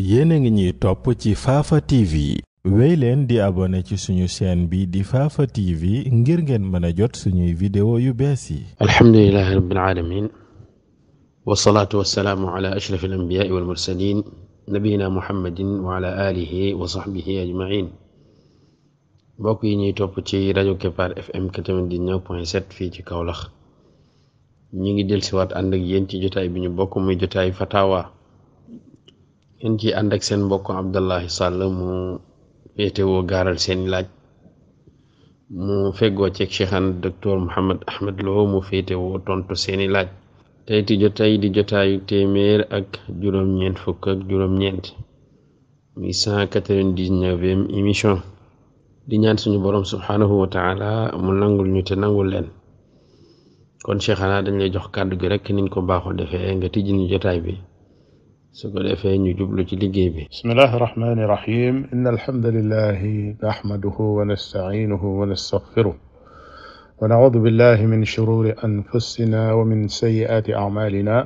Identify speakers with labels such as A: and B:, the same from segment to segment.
A: yéen a ngi ñuy topp ci Fafa TV wéy leen di abonné ci suñu chaîne bi di faafa TV ngir ngeen mën a jot suñuy vidéo yu bees yi alhamdulilahi rabbil alamin wasalaatu wasalaamu ala ashraf al wa ala alihi wa yi ñuy topp ci rajo Kepar FM fii ci kawlax ñu ngi dellusiwaat ànd ak yéen ci jotaay bi ñu bokk muy jotaay fatawa ngeen ci ànd ak seen mbokk Abdallahi Sall mu féetewoo gaaral seen laaj mu feggoo ceeg cheikhan docteur Mouhamed Ahmed Lo mu féetewoo tontu seeni laaj tey ti jotaay di jotaayu téeméer ak juróom-ñeent fukk ak juróom-ñeent muy cent quatre vingt dix émission di ñaan suñu borom subhaanahu wa taala mu nangul ñu te nangul leen kon cheikhanaa dañ lay jox kàddu gi rek niñ ko baaxoo defee nga tijji ñu jotaay bi su ko defee ñu jublu ci liggéey bi
B: bismillahi irrahmani irrahim inna alhamdulilahi nahmaduhu wa nastaciinuhu wa nastaxfiruh wa nacuudu billahi min shururi anfusina wa min sayyiaati acmaalina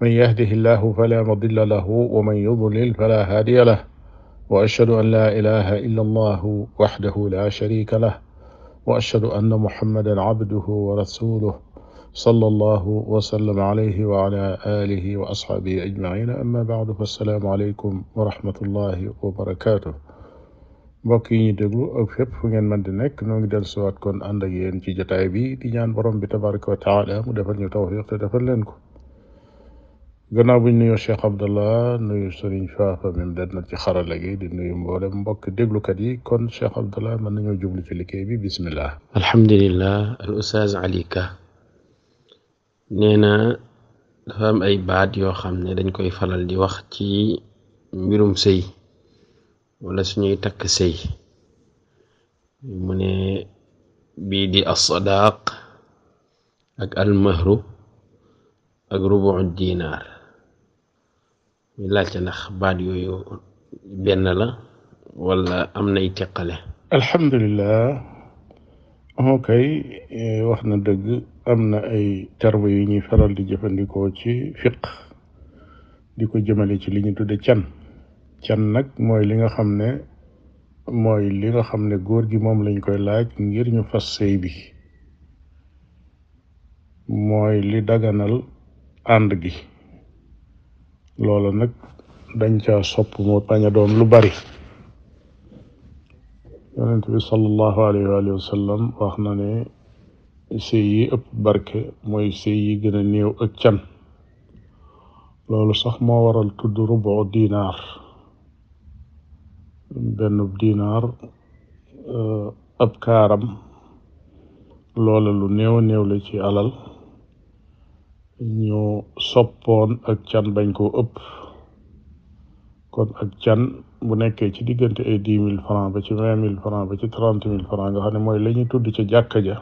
B: man yahdihi llahu fala mudilla lahu wa man yudlil fala haadiya lah wa ashhadu an laa ilaha illa allahu waxdahu la sharika lah wa ashhadu anna muhammadan cabduhu wa rasuluh sallallahu wa sallam alayhi wa ala alihi wa asxaabihi ajmaina amma baadu fa assalaamu aleykum wa rahmatullahi wa barakaatu mbokk yi ñu déglu ak fépp fu ngeen mën di nekk noo ngi del siwaat kon ànd ak yéen ci jotaay bi di ñaan borom bi tabaraka wa taala mu defal ñu tawfiq te defal leen ko gannaaw buñ nuyoo Cheikh Abdallah nuyu Sëriñ Faafa mim det na ci xarala gi di nuyu mboolem mbokk déglukat yi kon Cheikh Abdallah mën nañoo jublu ci liggéey bi bismillah
A: alhamdulillah al ustaz alika nee na dafa am ay baat yoo xam ne dañ koy faral di wax ci mbirum sey wala suñu takk sey mu ne bii di assadaq ak almahru ak rubu dinaar ñu laajte ndax baat yooyu benn la wala am nay teqale
B: alhamdulilah ok eh, wax na dëgg am na ay terme yu ñuy faral di jëfandikoo ci fiq di ko jëmale ci li ñu tudde can can nag mooy li nga xam ne mooy li nga xam ne góor gi moom lañ koy laaj ngir ñu fas sëy bi mooy li daganal ànd gi loola nag dañ caa sopp moo bañ a lu bari yonent bi sallallahu alayhi wa wax na ne sëy yi ëpp barke mooy sëy yi gën a néew ak can loolu sax moo waral tudd rubu dinaar benn dinaar euh, ab kaaram loola lu néew néew la ci alal ñu soppoon ak can bañ koo ëpp kon ak can bu nekkee ci diggante ay dix mille francs ba ci vingt mille francs ba ci trente mille francs nga xam ne mooy la ñuy tudd ca jàkka ja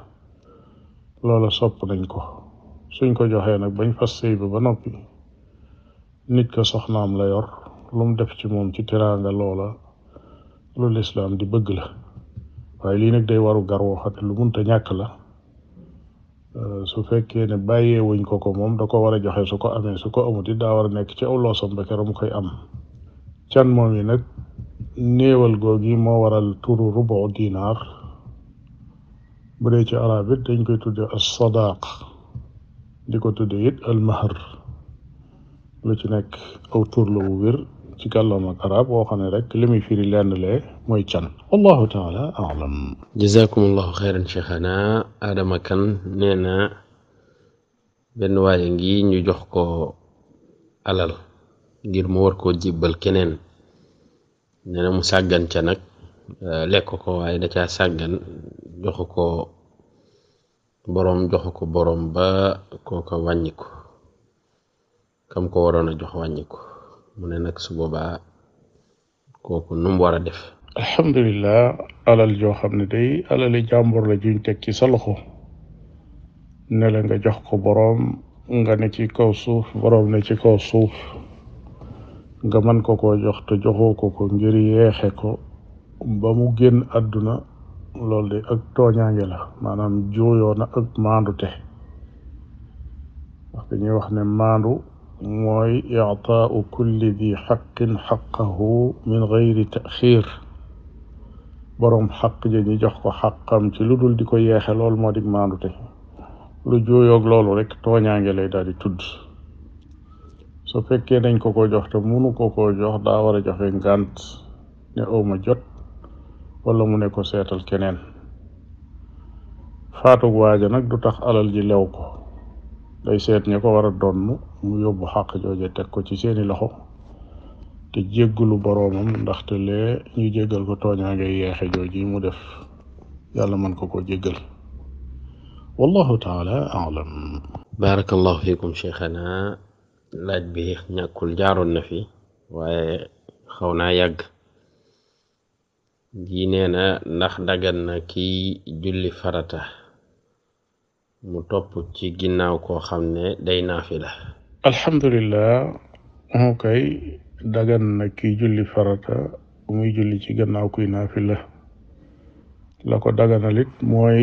B: loola sopp nañ ko suñ ko joxee nag bañ fas sëy ba ba noppi nit ka soxnaam la yor lu mu def ci moom ci teraanga loola lu lislaam di bëgg la waaye lii nag day waru gar woo xam ne lu munta ñàkk la euh, su fekkee ne bàyyee wuñ ko ko moom da ko war a joxe su ko amee su ko amut it daa war a nekk ci aw loosam ba keroog mu koy am can moom yi nag néewal googi moo waral turu rubu dinaar bu dee ci arab it dañ koy tudd al sadaq di ko tudd it al mahar lu ci nekk aw tur la wér ci kàllaam ak arab woo xam ne rek li muy firi lenn lee mooy can wallahu taala alam
A: jazakum allahu xeyran cheikhana adama kan nee benn waaye ngi ñu jox ko alal ngir mu war koo jibbal keneen nee mu sàggan ca nag lekk ko waaye da caa sàggan joxu ko boroom joxu ko boroom ba kooka wàññi ko kam ko waroon a jox wàññi mu ne nag su boobaa kooku nu war a def
B: alhamdulilah alal joo xam ne day alali jàmbur la juñ teg ci sa loxo ne la nga jox ko boroom nga ne ci kaw suuf boroom ci kaw suuf nga mën ko ko jox te joxoo ko ko ngir yeexe ko ba mu génn àdduna loolu de ak tooñaange la maanaam jooyoo na ak maandu te wax dañuy ne maandu mooy ictaau kulli di xaqin xaqahu min gayri taxiir boroom xaq ja ñi jox ko xaqam ci lu dul di ko yeexe lool moo dig maandu te lu jooyoog loolu rek tooñaange lay daal di tudd su fekkee dañ ko ko jox te munu ko koo jox daa war a joxe ngànt ne awma jot wala mu ne ko seetal keneen faatug waaja nag du tax alal ji lew ko day seet ña ko war a donn mu yóbbu xaq jooje teg ko ci seeni loxo te jéggalu boroomam ndaxte lee ñu jéggal ko tooñaa ngay yeexe jooji mu def yàlla mën ko ko jéggal wallahu taala alam
A: barakallahu fiikum cheikhana laaj bi ñàkkul jaaroon na fi waaye xaw naa yàgg gi nee na ndax dagan na kiy julli farata mu topp ci ginnaaw koo xam ne day naafila
B: alhamdulilah mu koy dagan na kiy julli farata muy julli ci gannaaw ku naafila la ko daganalit mooy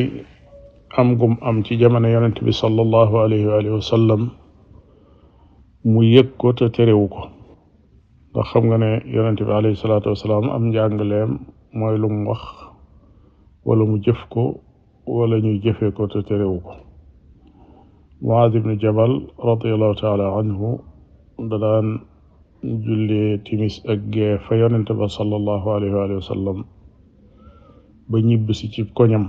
B: am gum am ci jamono yonent bi sallallahu alayhi wa mu yëg ko te terewu ko ndax xam nga ne yonent bi alayhi salaatu wasalaam mooy lu wax wala mu jëf ko wala ñu jëfe ko te terewu ko Muaaz ibnu Jabal radiallahu taala anhu da daan timis ak gee fa yonente ba sallallahu alayhi wa ba ñibb ci koñam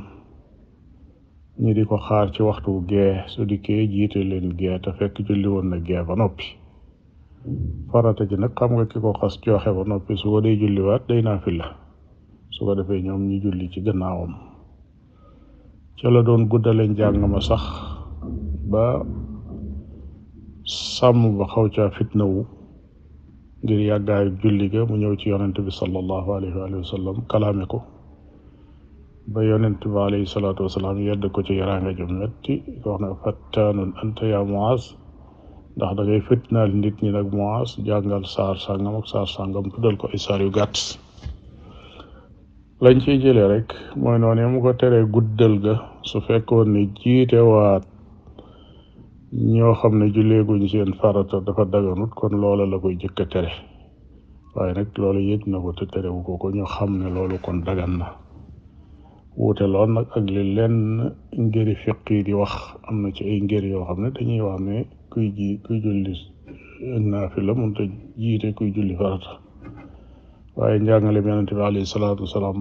B: ñi di ko xaar ci waxtu gee su dikkee jiite leen gee te fekk julli woon na ba noppi farata ji nag xam nga ki ko xas joxe ba noppi su ko dee julliwaat day naafila su ko defee ñoom ñu julli ci gannaawam ca la doon guddale njàng sax ba sàmm ba xaw caa fitnawu wu ngir yàggaayu julli ga mu ñëw ci yonent bi sallallahu alayhi wa sallam kalaame ko ba yonent bi alayhi salaatu wasalaam yedd ko ci yaraanga ju metti wax na fattaanun anta yaa Muaz ndax da ngay fitnaal nit ñi nag Muaz jàngal saar sàngam ak saar sàngam tuddal ko ay saar yu gàtt lañ ciy jëlee rek mooy noonu mu ko teree guddal ga su fekkoon ni jiite waat ñoo xam ne julleeguñ seen farata dafa daganut kon loola la koy jëkk a tere waaye nag loolu yëg na ko te terewu ko ko ñu xam ne loolu kon dagan na wuute lool nag ak li lenn ngëri fiq di wax am na ci ay ngëri yoo xam ne dañuy wax ne kuy ji kuy julli naafila mënta jiite kuy julli farata waaye njàngaleem yonente bi alayhi salaatu wasalaam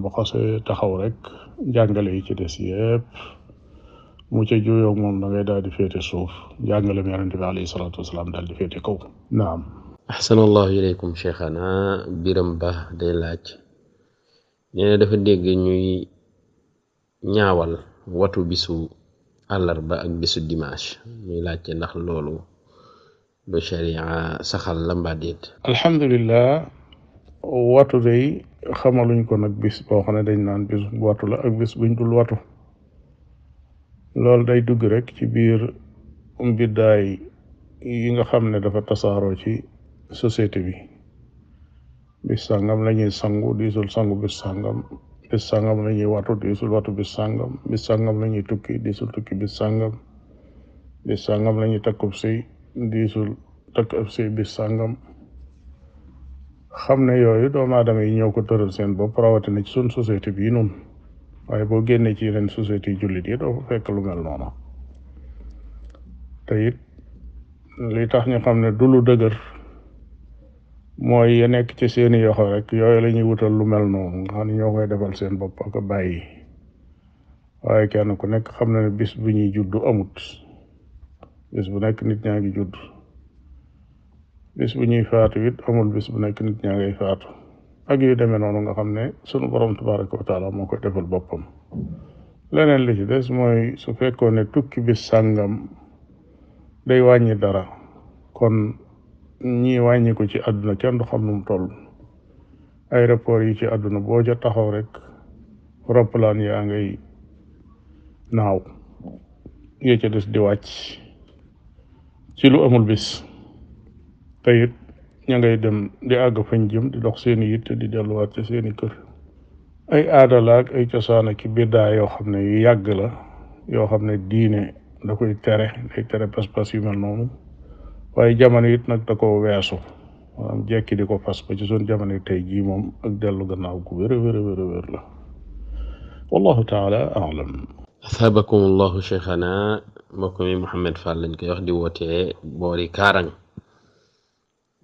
B: taxaw rek njàngale yi ci des yëpp mu ca juyoog moom da ngay daal di féete suuf njàngaleem yonente bi alayhi salaatu wasalaam daal di féete kaw naam
A: biram ba day laaj dafa dégg ñuy ñaawal watu bisu àllarba ak bisu dimanche muy laajte ndax loolu lu sharia saxal la mbaa
B: watu day xamaluñ ko nag bis boo xam ne dañ naan bis bu watu la ak bis buñ dul watu loolu day dugg rek ci biir mbiddaay yi nga xam ne dafa tasaaroo ci société bi bis sàngam la ñuy sangu diisul sangu bis sàngam bis sàngam la ñuy watu diisul sàngam bis sàngam la ñuy tukki diisul tukki bis sàngam bis sàngam la ñuy takkub diisul takk ab bis sàngam xam ne yooyu doomu aadama yi ñëw ko tëral seen bopp rawatina ci suñ société bii noonu waaye boo génnee ci yeneen société yi jullit yi doo fa fekk lu mel noonu tax ñu xam ne du lu mooy nekk ci seeni yoxo rek yooyu la ñuy wutal lu mel noonu nga xam ne ñoo koy defal seen bopp ak a bàyyi waaye kenn ku nekk xam na ne bis bu ñuy juddu amut bis bu nekk nit ñaa ngi judd bis bu ñuy faatu it amul bis bu nekk nit ñaa ngay faatu ak yu demee noonu nga xam ne sunu borom tabaraka wa moo koy defal boppam leneen li ci des mooy su fekkoon ne tukki bis sàngam day wàññi dara kon ñi wàññi ci àdduna kenn du xam nu mu toll aéroport yi ci àdduna boo ca taxaw rek roppalaan yaa ngay naaw yee ca des di wàcc ci lu amul bis te it ngay dem di àgg fañ jëm di dox seeni yitte di delluwaat ci seeni kër ay aada ay cosaan ak biddaa yoo xam ne yu yàgg la yoo xam ne diine da koy tere day mel noonu waaye jamono it nag da ko weesu jekki di ko fas ba ci suñ jamono tey jii moom ak dellu gannaaw ku wér a wér a wallahu taala alam
A: athabakum allahu cheikhana mbokk mi Mouhamed Fall lañ koy wax di wootee boori Kaarang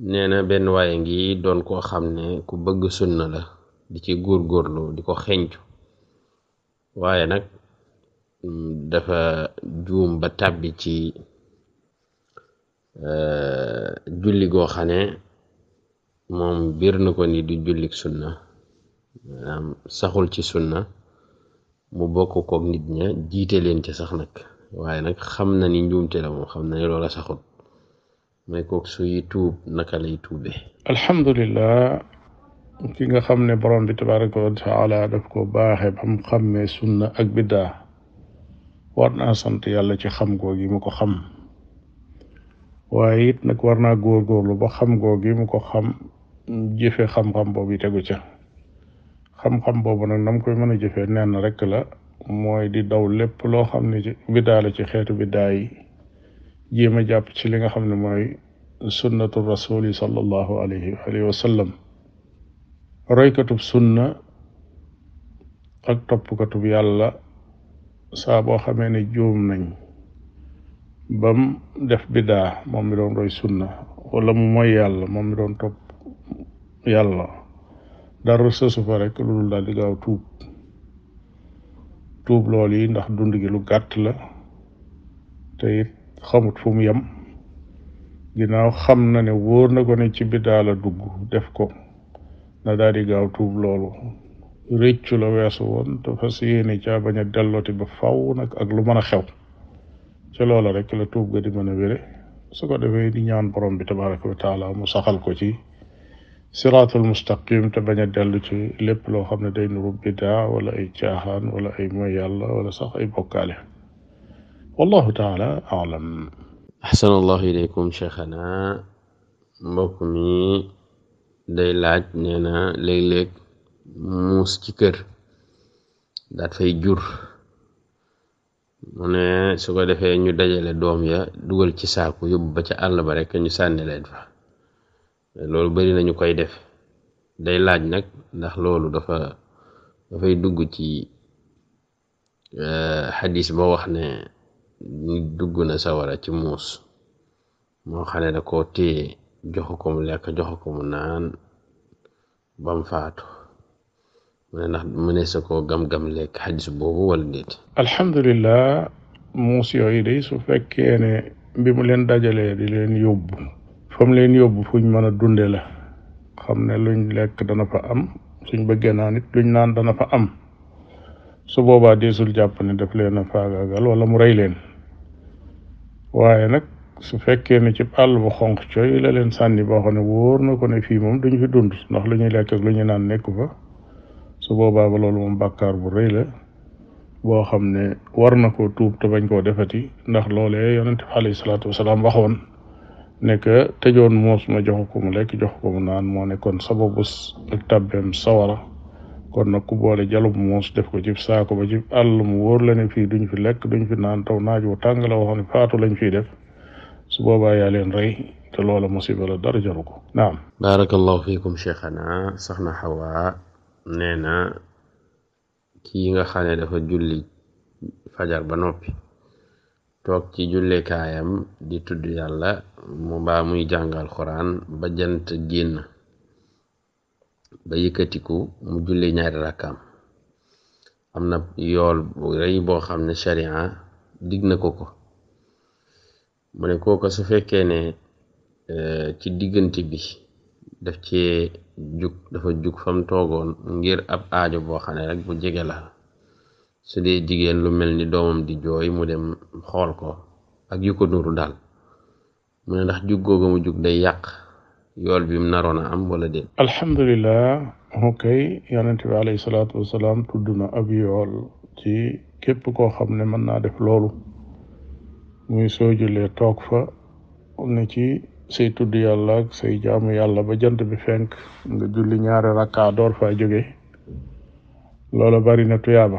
A: nee na benn waaye ngi doon koo xam ne ku bëgg sunna la di ci góor góorgóorlu di ko xencu waaye nag dafa juum ba tàbbi ci euh, julli goo xam ne moom biir na ko ni di jullik sunna saxul ci sunna mu bokk kook nit ña jiite leen ci sax nag waaye nag xam na ni njuumte la moom xam na ni loola saxul may kook suy tuub naka lay tuube
B: alhamdulillah ki nga xam ne borom bi tabaraka wa ko baaxe bam xammee sunna ak biddaa war na sant yàlla ci xam googi mu ko xam waaye it nag war naa góorgóorlu ba xam googi mu ko xam jëfe xam-xam boobu tegu ca xam-xam boobu nag nam koy mën a jëfee nenn rek la mooy di daw lépp loo xam ne ci biddaa la ci xeetu biddaa yi jéem a jàpp ci li nga xam ne mooy sunnatu rasuli sallallahu alayhi wa alihi wa sallam roykatub sunna ak toppkatub yàlla saa boo xamee ne juum nañ bam def bidaa moom mi doon roy sunna wala mu mooy yàlla moom mi doon topp yàlla dara sësu fa rek loolu daal di tuub tuub loolu yi ndax dund gi lu gàtt la te xamut fu mu yem ginnaaw xam na ne wóor na ko ne ci biddaa la dugg def ko na daal di gaaw tuub loolu rëccu la weesu woon te fas yéene caa bañ a dellooti ba faw nag ak lu mën a xew ca loolo rek la tuub ga di mën a wére su ko defee di ñaan borom bi tabaraka wa taala mu saxal ko ci siraatul mustaqim te bañ a dellu ci lépp loo xam ne day nuru biddaa wala ay caaxaan wala ay moy yàlla wala sax ay bokkaale wallahu taala alam
A: ahsanallahu ileykum cheikhana mbokk mi day laaj nee na léeg-léeg muus ci kër daat fay jur mu ne su ko defee ñu dajale doom ya dugal ci saaku yóbbu ba ca àll ba rek ñu sànni fa loolu bari nañu koy def day laaj nag ndax loolu dafa dafay dugg ci eh, xadis ba wax ne ni dugg na sawara ci muus moo xane da ko téye joxu ko mu lekk joxu ko mu naan bam faatu mu ne ndax mu ne sa koo gam-gam lekk xadis boobu wala
B: déet alhamdulilah muus yooyu day su fekkee ne bi mu leen dajalee di leen yóbbu fom leen yóbbu fuñ mën a dunde la xam ne luñ lekk dana fa am suñ bëggee naan luñ naan dana fa am su boobaa deesul jàpp ne daf leen a faagaagal wala mu rëy leen waaye nag su fekkee ne ci àll bu xonq cooy la leen sànni boo xam ne wóor na ko ne fii moom duñ fi dund ndax lu ñuy lekk ak lu ñuy naan nekku fa su boobaa ba loolu moom bàkkaar bu rëy la boo xam ne war na koo tuub te bañ koo defati ndax loolee yonente bi alayhi salaatu wasalaam waxoon ne que tëjoon moos ma jox ko mu lekk jox ko mu naan moo nekkoon sababus ak tàbbeem sawara kon nag ku boole jalub muus def ko ci saako ba ci àll mu wóor la ne fii duñ fi lekk duñ fi naan taw naaj wu tàng la waxoon faatu lañ fiy def su boobaa rey te loola musiba la dara jaru ko naam
A: barakallahu fiikum cheikhana soxna Hawa nee na kii nga xam ne dafa julli fajar ba noppi toog ci jullekaayam di tudd yàlla mu mbaa muy jàngal xuraan ba jant génn ba yëkkatiku mu jullee ñaari rakkaam am na yool bu rëy boo xam ne sharia dig na ko ko mu ne kooko su fekkee ne eh, ci diggante bi def cee jug dafa jug fam toogoon ngir ab aajo boo xam ne rek bu jege la su dee jigéen lu mel ni doomam di jooy mu dem xool ko ak yu ko nuru daal mu ne ndax jug googu mu jug day yàq yool bi mu naroon a am wala déet
B: alhamdulilah okay yonent bi tudd na ab yool ci képp koo xam ne mën naa def loolu muy soo jullee toog fa ne ci say tudd yàlla ak say jaamu yàlla ba jant bi fenk nga julli ñaari rakka door jóge loola bari na tuyaaba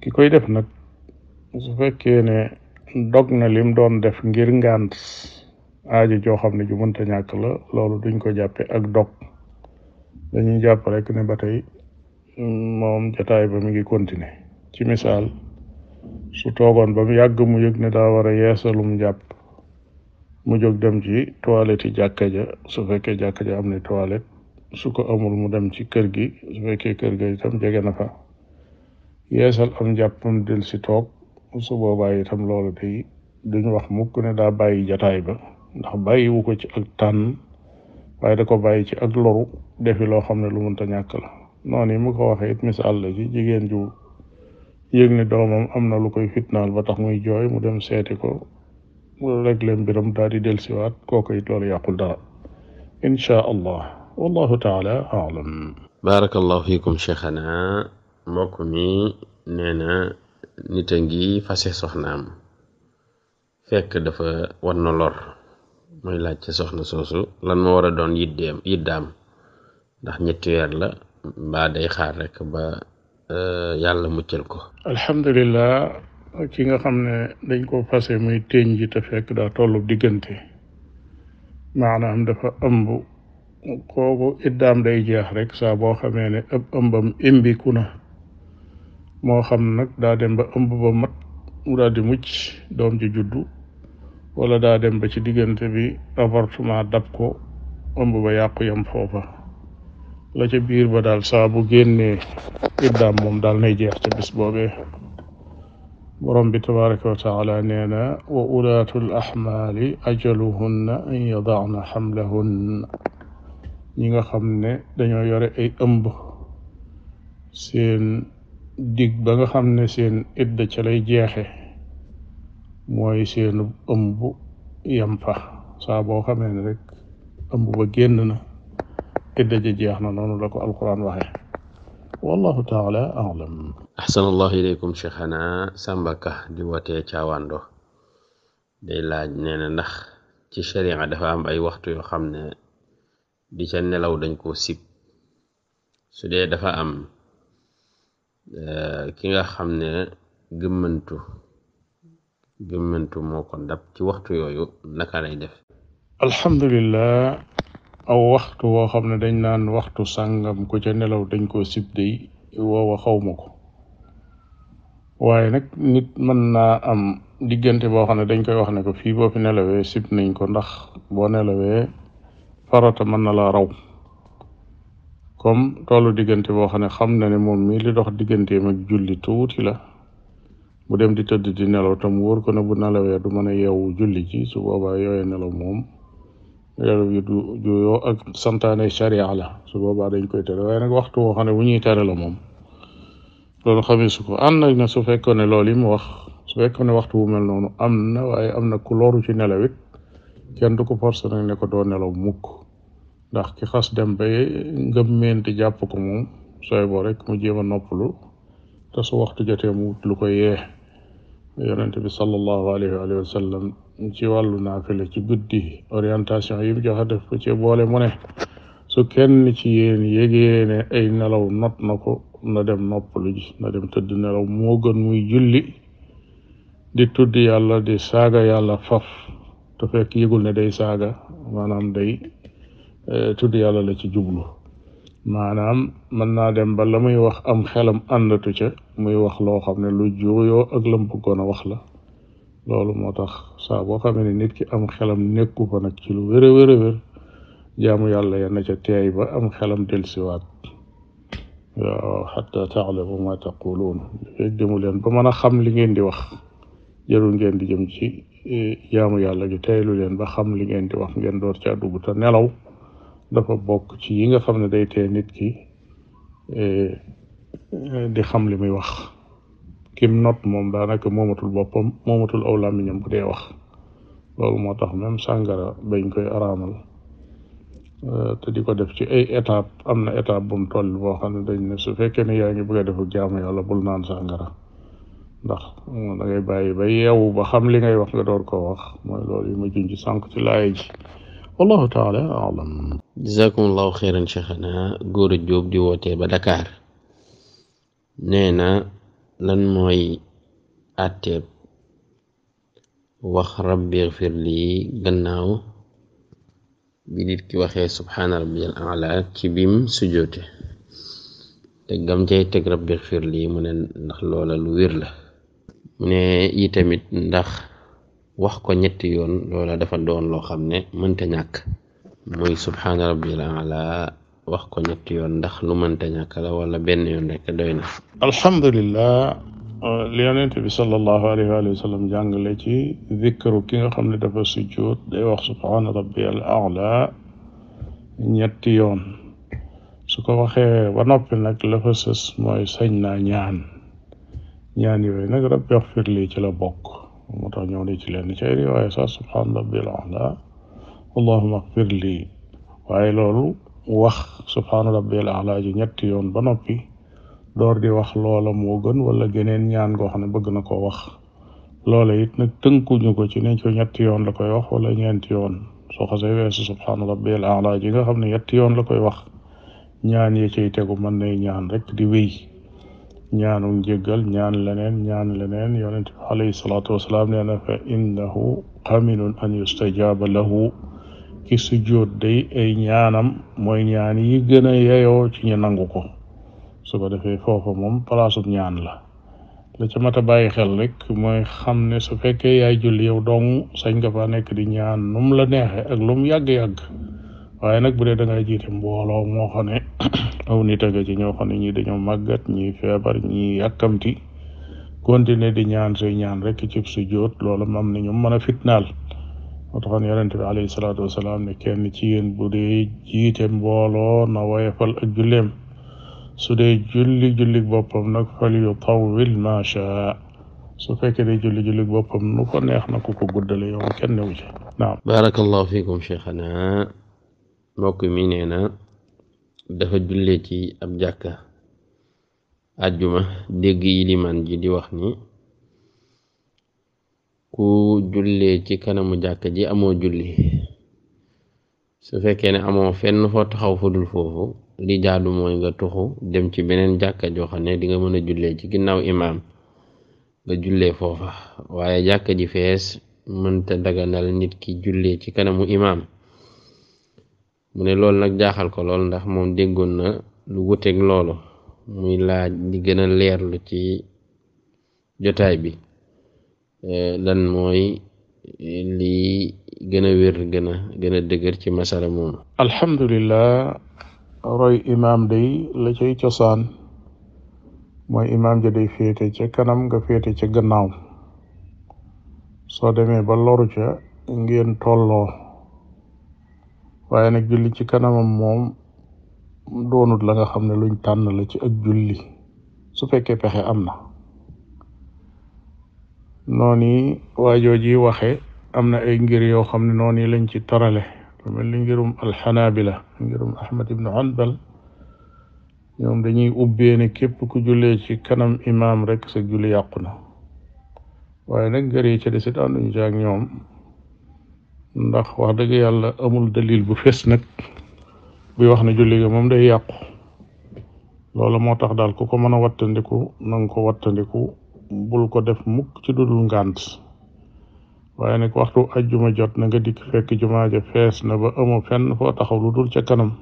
B: ki koy def nag su fekkee ne dog na lim doon def ngir ngant aajo joo xam ne ju mënta ñàkk la loolu duñ ko jàppe ak dog dañuy jàpp rek ne ba tey moom jataay ba mi ngi continuer ci misaal su toogoon ba mu yàgg mu yëg ne daa war a yeesalum jàpp mu jóg dem ci toilette yi jàkka ja su fekkee jàkka ja am na toilette su ko amul mu dem ci kër gi su fekkee kër ga itam jege na fa yeesal am jàppam del si toog su boobaa itam loolu day duñ wax mukk ne daa bàyyi jataay ba ndax bàyyiwu ko ci ak tànn waaye de ko bàyyi ci ak loru defi loo xam ne lu mënta ñàkk la noonu yi mu ko waxee it misaal la ci jigéen ju yëg ni doomam am na lu koy fitnaal ba tax muy jooy mu dem seeti ko mu régler mbiram daal di dellusiwaat kooku it loolu yàqul dara inchaa allah wallahu taala alam
A: barakallahu fiikum cheikhana mbokk mi nee na nit a ngi fekk dafa war na lor muy laaj ci soxna soosu lan moo war a doon yiddeem yiddaam ndax ñetti weer la mbaa day xaar rek ba euh, yàlla muccal ko
B: alhamdulilah ki nga xam ne dañ ko fase muy téeñ ji te fekk daa tollu diggante maanaam dafa ëmb kooku iddaam day jeex rek saa boo xamee ne ëpp ëmbam imbiku na moo xam nag daa dem ba ëmb ba mat mu daal di mucc doom ji juddu wala daa dem ba ci diggante bi avortement dab ko ëmb ba yàqu foofa la ca biir ba daal saa bu génnee moom daal nay jeex ca bis boobee tabaraka wa taala nee na wa ulaatu l ajaluhunna an yadaana xamlahunna ñi nga xam ne dañoo yore ay ëmb seen dig nga xam ne seen idda ca lay jeexe mooy seenu ëmb yem fa saa boo xamee ne rek ëmb ba génn na idda ja jeex na noonu la ko alquran waxee wallahu taala alam
A: ahsanallahu ileykum cheikhana Samba Ka di wootee caawaando day laaj nee na ndax ci sharia dafa am ay waxtu yoo xam ne di ca nelaw dañ koo sib su dee dafa am eh, ki nga xam ne gëmmantu gëmmentu moo ko dab ci waxtu yooyu naka lay def
B: alhamdulilah aw waxtu woo xam ne dañ naan waxtu sàngam ku ca nelaw dañ koo sib day xaw xawma ko waaye nag nit mën naa am diggante boo xam ne dañ koy wax ne ko fii boo fi nelawee sib nañ ko ndax boo nelawee farata mën na la raw comme tollu diggante boo xam ne xam na ne moom mi li dox digganteem ak julli tuuti la bu dem di tëdd di nelaw tam wóor ko ne bu nelawee du mën a yeewu julli ci su boobaa yooyee nelaw moom nelaw yi santaane sharia la su boobaa dañ koy tere waaye nag waxtu woo xam ne bu ñuy tere la moom loolu xamee su ko ànd ne su fekkoon ne loolu mu wax su fekkoon ne waxtu wu mel noonu am na waaye am na ku ci nelaw it kenn du ko forcé nag doo nelaw mukk ndax ki xas dem ba ngëm ti jàpp ko moom sooy boo rek mu jéem a noppalu te su waxtu jotee mu wut lu ko yee yonent bi sallallahu alayhi wa sallam ci wàllu naafile ci guddi orientation yi mu joxe def ko ci boole mu ne su kenn ci yéen yégee ne ay nelaw not na ko na dem noppalu na dem tëdd nelaw moo gën muy julli di tudd yàlla di saaga yàlla faf to fekk yëgul ne day saaga maanaam day eh, tudd yàlla la ci jublu maanaam mën naa dem ba la muy wax am xelam àndatu ca muy wax loo xam ne lu juuyoo ak lam kon a wax la loolu moo tax saa boo xamee ne nit ki am xelam nekku fa nag ci lu wér a wér wér jaamu yàlla ya na ca teey ba am xelam delsiwaat waaw xata taalamu ma taquluun fekk demu leen ba mën a xam li ngeen di wax jarul ngeen di jëm ci eh, jaamu yàlla gi teeylu leen ba xam li ngeen di wax ngeen door ca dugg te nelaw dafa bokk ci yi nga xam ne day tee nit ki eh, di xam li muy wax kim not moom daanaka moomatul boppam moomatul aw làmmiñam bu dee wax loolu moo tax même sàngara bañ koy araamal eh, te di ko def ci ay étape am na étape bu mu toll boo xam ne dañ ne su fekkee ne yaa ngi bëgg a defu jaamu yàlla bul naan sàngara ndax eh, da ngay bàyyi ba yeewu ba xam li ngay wax nga door koo wax mooy loolu yi ma junj sànq ci laay ji wallahu taala alam
A: jazakumullahu xeyran cheikhana góor a jóob di wootee ba Dakar nee na lan mooy àtteeb wax rabbi xfir lii gannaaw bi ki waxee subhaana rabbiyal aala ci bim sujoote te gam teg rabbi xfir lii mu ne ndax loola lu wér la mu ne yi ndax wax ko ñetti yoon loola dafa doon loo xam ne mënta ñàkk mooy subhaana rabbil ala wax ko ñetti yoon ndax lu mënta ñàkk la wala benn yoon rek doy na
B: alhamdulillah li yonent bi sallallahu alayhi wa sallam jàngale ci zikru ki nga xam ne dafa sujjoot day wax subhaana rabbiyal ala ñetti yoon su ko waxee ba noppi nag la fa mooy sañ naa ñaan ñaan yooyu nag rabbi axfir ci la bokk moo tax ñëw ne ci leen ci ay riwaaya sax subhaana rabbiyal allahuma akfir lii waaye loolu wax subhaana rabbiyal a'laa ji ñetti yoon ba noppi door di wax loola moo gën wala geneen ñaan goo xam ne bëgg na ko wax loola it nag tënkuñu ko ci ne ci ñetti yoon la koy wax wala ñeenti yoon soo xasee weesu subhaana rabbiyal a'laa ji nga xam ne ñetti yoon la koy wax ñaan yi cay tegu mën nay ñaan rek di wéy ñaanu njëggal ñaan leneen ñaan leneen yonent bi alayhi salaatu wasalaam nee na fa innahu qaminun an yustajaaba lahu ki sujjóot day ay ñaanam mooy ñaan yi gën a yeyoo ci ñu nangu ko su ko defee foofa moom palaasub ñaan la la ca mat a bàyyi xel rek mooy xam ne su fekkee yaay julli yow dong sañ nga fa nekk di ñaan nu la neexee ak lu mu yàgg-yàgg waaye nag bu dee da ngay jiite mbooloo moo xam ne aw nit a nga ci ñoo ñii dañoo màggat ñii feebar ñii yàkkamti continuer di ñaan say ñaan rek ci su jóot loola mam ne ñu mën a fitnaal moo taxoon yonente bi alayhi salaatu wasalaam boppam nag fekkee dee julli julli ko neex
A: mbokk mi nee dafa jullee ci am jàkka àjjuma dégg ilimaan ji di wax ni ku jullee ci kanamu jàkka ji amoo julli su fekkee ne amoo fenn foo taxaw fu dul foofu li jaadu mooy nga toxu dem ci beneen jàkka joo xam ne di nga mën a jullee ci ginnaaw imaam nga jullee foofa waaye jàkka ji fees mënta daganal nit ki jullee ci kanamu imaam mu ne loolu nag jaaxal ko lool ndax moom déggoon na lu wuteeg loolu muy laaj di gën a leerlu ci jotaay bi Eh, lan mooy eh, lii gën a wér gën dëgër ci masala moomu
B: alhamdulillah roy imaam day la cay cosaan mooy imaam ja day féete ca kanam nga féete ca gannaaw soo demee ba loru ca ngeen tolloo waaye nag julli ci kanamam moom doonut la nga xam ne luñ tànn la ci ak su fekkee pexe am na noonu waajooji waxe am na ay ngir yoo xam ne noonu lañ ci tarale lu ni ngirum alxanaabila ngirum ahmad ibnu hanbal ñoom dañuy ubbee ne képp ku jullee ci kanam imaam rek sa julli yàqu na waaye nag ngër yi ca desit ànduñu ci ak ñoom ndax wax dëgg yàlla amul dalil bu fees nag buy wax na julli ga moom day yàqu loolu moo tax daal ku ko mën a wattandiku na nga ko wattandiku bul ko def mukk ci dudul ngant waaye nag waxtu ajjuma jot na nga dikk fekk jumaa fees na ba amu fenn foo taxaw lu dul ca kanam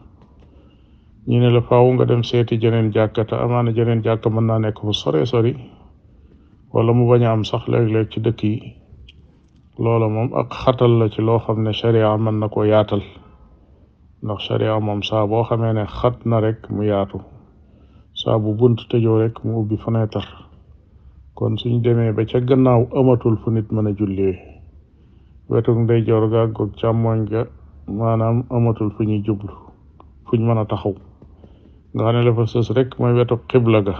B: ñu ne la faaw nga dem seeti jeneen jàkka te amaana jeneen jàkka mën naa nekk fu sore sori wala mu bañ a am sax léeg-léeg ci dëkk yi loola moom ak xatal la ci loo xam ne sharia mën na koo yaatal ndax sharia moom saa boo xamee ne xat na rek mu yaatu saa bu bunt tëjoo rek mu ubbi fenêtre kon suñ demee ba ca gannaaw amatul fu nit mën a jullee wetuk ndeyjoor ga goog càmmooñ ga maanaam amatul fu ñuy jublu fuñ mën a taxaw nga xam la fa sës rek mooy wetuk xibla ga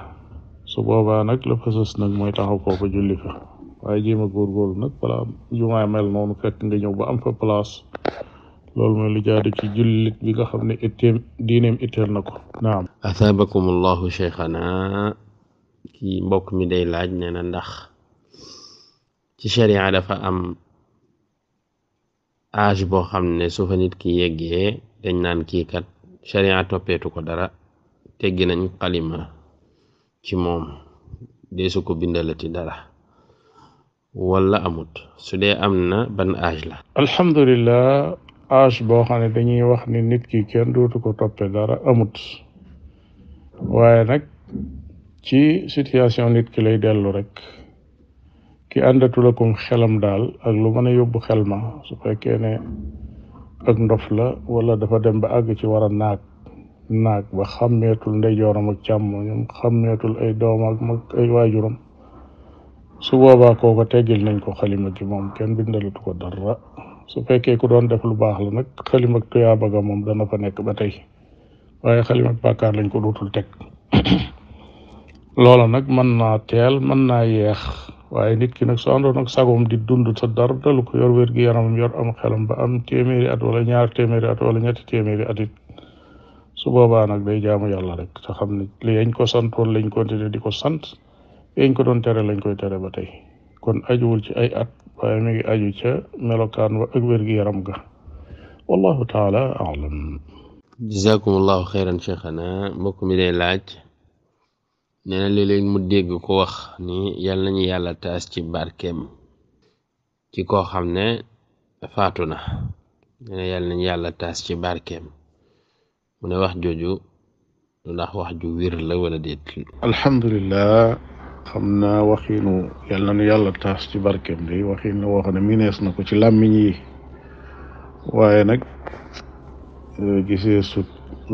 B: su boobaa nag la fa sës nag mooy taxaw foofa julli fa waaye jéem a góorgóorlu nag balaa jumaa mel noonu fekk nga ñëw ba am fa place loolu mooy lu jaadu ci jullit bi nga xam ne itteem na ko naam
A: athaabakum allahu cheikhana ci mbokk mi dey laaj nee na ndax ci sharia dafa am âge boo xam ne su fa nit ki yeggee dañ naan kii kat sharia toppeetu ko dara teggi nañ xalima ci moom dee su ko bindalati dara wala amut su dee am na ban âge la
B: alhamdulilah âge boo xam ne dañuy wax ni nit ki kenn dootu toppe dara amut waaye nag ci situation nit ki lay dellu rek ki àndatul akum xelam daal ak lu mën a yóbbu xel ma su fekkee ne ak ndof la wala dafa dem ba àgg ci war a naag naag ba xàmmeetul ndeyjooram ak xam xàmmeetul ay doom ak mag ay waajuram su boobaa kooko teggil nañ ko xalima gi moom kenn bindalatu ko dara su fekke ku doon def lu baax la nag xalima ak tuyaaba moom dana fa nekk ba tey waaye xalima ak lañ ko dootul teg loola nag mën naa teel man naa yeex waaye nit ki nag su àndoon ak sagoom di dund te dara dalu ko yor wér gi yor am xelam ba am téeméeri at wala ñaar téeméeri at wala ñetti téeméeri at it su boobaa nag day jaamu yàlla rek te xam ne li ko santoon lañ continuer di ko sant yañ ko doon tere lañ koy tere ba tey kon ajuwul ci ay at waaye mi aju ca melokaan wa ak wér yaram ga wallahu taala alam
A: jazakumullahu xeyran cheikhana mbokk mi day laaj nee na léeg mu dégg ko wax ni yàlla nañu yàlla taas ci barkeem ci koo xam ne faatu na nee yàlla nañu yàlla taas ci barkeem mu ne wax jooju ndax
B: wax ju wér la wala déet alhamdulilah xam na waxiinu yàlla nañu yàlla taas ci barkeem day waxiin la woo xam minees na ko ci làmmiñ yi waaye nag eh,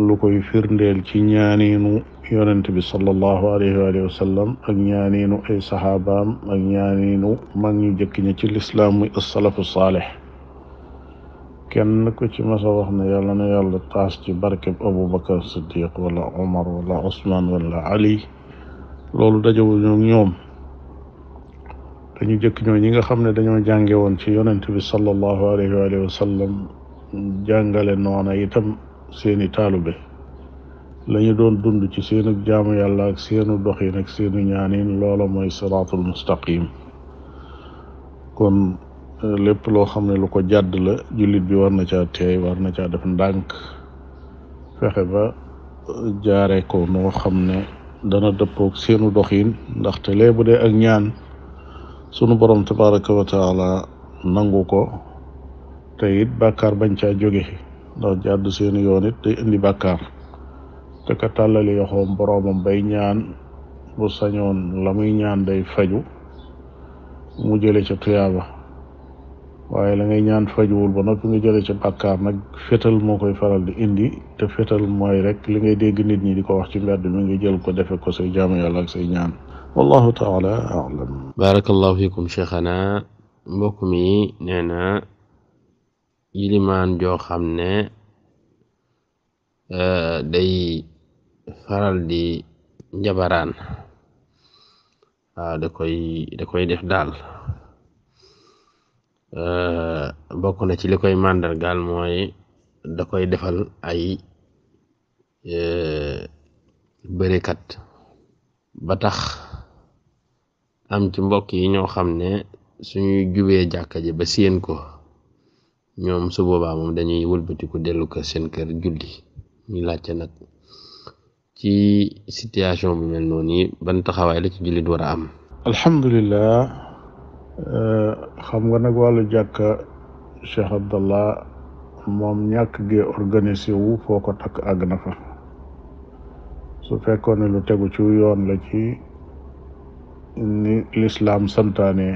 B: lu koy firndeel ci ñaaniinu yonent bi sallallahu alayhi wa sallam ak ñaaniinu ay saxaabaam ak ñaaniinu mag ñu jëkk ñi ci lislaam muy as-salafu saalix kenn ku ci mas a wax ne yàlla na yàlla taas ci barkeb abu bakar siddiq wala omar wala osman wala ali loolu dajawu ñoom ñoom dañu jëkk ñoo ñi nga xam ne dañoo jànge woon ci yonent bi sallallahu alayhi wa sallam jàngale noona itam seeni taalube lañu doon dund ci seenu jaamu yàlla ak seenu doxin ak seenu ñaanin loola mooy siraatul mustaqim kon euh, lépp loo xam ne lu ko jàdd la jullit bi war na caa teey war na caa def ndànk fexe ba euh, jaare ko noo xam ne dana dëppook seenu doxin te lee bu dee ak ñaan sunu borom tabaraka wa taala nangu ko te it bàkkaar bañ caa jóge ndax jàdd seen yoon it indi bàkkaar te ka tàllali yoxoom boroomam bay ñaan bu sañoon la muy ñaan day faju mu jële ca tuyaaba waaye langay ñaan fajuwul ba noppi nga jële ca bàkkaar nag fetal moo koy faral di indi te fetal mooy rek li ngay dégg nit ñi di ko wax ci mbedd nga jël ko defe ko say jaamu yàlla ak say ñaan wallahu taala
A: fikum cheikhana mbokk mi nee na yilimaan joo xam ne Eh, day faral di njabaraan waaw ah, da koy da koy def daal eh, bokk na ci li koy màndargaal mooy da koy defal ay eh, bërikat ba tax am ci mbokk yi ñoo xam ne suñuy jubee jàkka ji ba séen ko ñoom su boobaa moom dañuy wëlbatiku dellu ko seen kër julli ñu laajte nag ci situation bi mel noonu ban taxawaay la ci jullit war a am.
B: alhamdulilah euh, xam nga nag wàllu jàkka Cheikh Abdallah moom ñàkk gee organisé wu foo ko takk àgg na fa soo fekkoon ne lu tegu ci yoon la ci ni lislaam santaane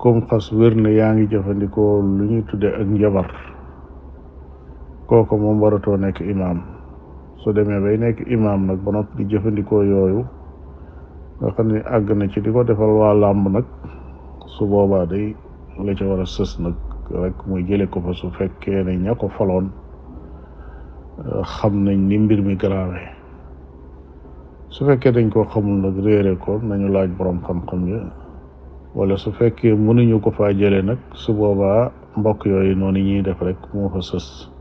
B: comme xas wér na yaa ngi jëfandikoo lu ñuy tudde ak njabar kooku moom waratoo nekk imaam su demee bay nekk imaam nag ba noppi di jëfandikoo yooyu nga xam ne àgg na ci di ko defal waa làmb nag su boobaa day la ca war a sës nag rek mu jële ko fa su fekkee ne ña ko xam nañ ni mbir mi grave su fekkee dañ koo xamul nag réere ko nañu laaj boroom xam-xam yi wala su fekkee mënuñu ko faa jële nag su boobaa mbokk yooyu noonu ñuy def rek moo fa sës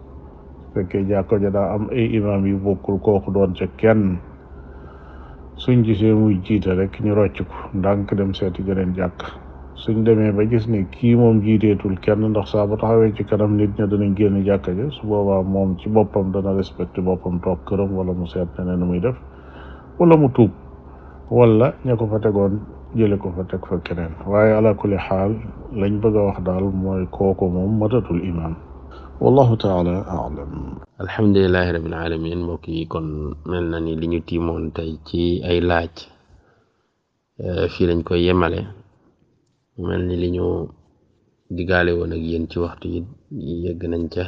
B: fekkee jàkko ja daa am ay imaam yu bokkul kooku doon ca kenn suñ gisee muy jiite rek ñu rocc ko ndànk dem seeti jeneen jàkk suñ demee ba gis ne kii moom jiiteetul kenn ndax saa bu taxawee ci kanam nit ña danañ génn jàkka ja su boobaa moom ci boppam dana respecté boppam toog këram wala mu seet ne nu muy def wala mu tuub wala ña ko fa tegoon jële ko fa teg fa keneen waaye ala kulli xaal lañ bëgg a wax daal mooy kooku moom matatul imaam wallahu taala alam
A: alhamdulilahi rabil alamin mbokk yi kon mel na ni li ñu tiimoon tey ci ay laaj eh, fii lañ koy yemale mel ni li ñu digaale woon ak yéen ci waxtu yi yegg nañ ca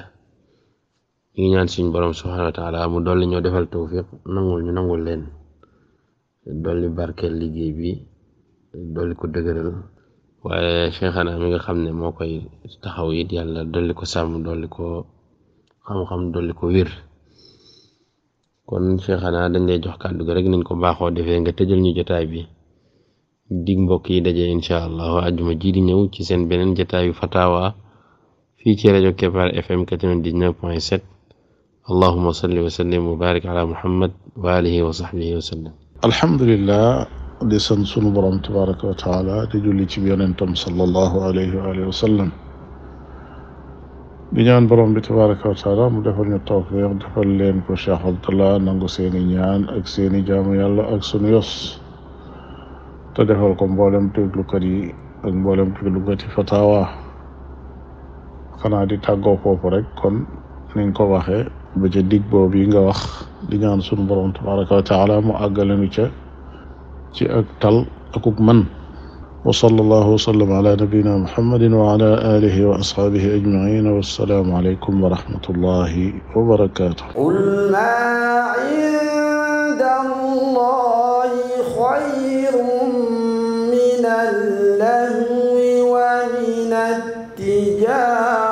A: ñu ñaan suñu borom subhanahu wa taala mu dolli ñoo defal tawfiq nangul ñu nangul leen dolli barkeel liggéey bi dolli ko dëgëral waaye cheikhana mi nga xam ne moo koy taxaw it yàlla dolli ko sàmm dolli ko xam-xam dolli ko wér kon cheikhana dañ lay jox kàddu rek nañ ko baaxoo defee nga tëjal ñu jotaay bi dig mbokk yi daje incha allah ajuma ji di ñëw ci seen beneen jotaayu fatawa fii ci rajo Kepar FM 99.7 allahuma salli wa sallim wa barik ala muhammad wa alihi wa sahbihi wa sallam
B: di sant sunu borom tabaraka wa taala di julli ci yonentam sallallahu alayhi wa alihi wa di ñaan borom bi tabaraka wa taala mu defal ñu tawfiq defal leen ko Cheikh Abdallah nangu seeni ñaan ak seeni jaamu yàlla ak sunu yos te defal ko mboolem déglukat yi ak mboolem déglukat yi fatawa xanaa di tàggoo foofu rek kon ni ko waxee ba ca dig yi nga wax di ñaan sunu borom tabaraka wa taala mu àggale nu ca ci ak tal akuk man wa sallallahu wa sallam ala nabina muhammadin wa ala alihi wa ashabihi ajmain wassalaamu aleykum wa rahmatullahi wa barakatuh qul ma inda allahi xayrun min allahi wa min attijaara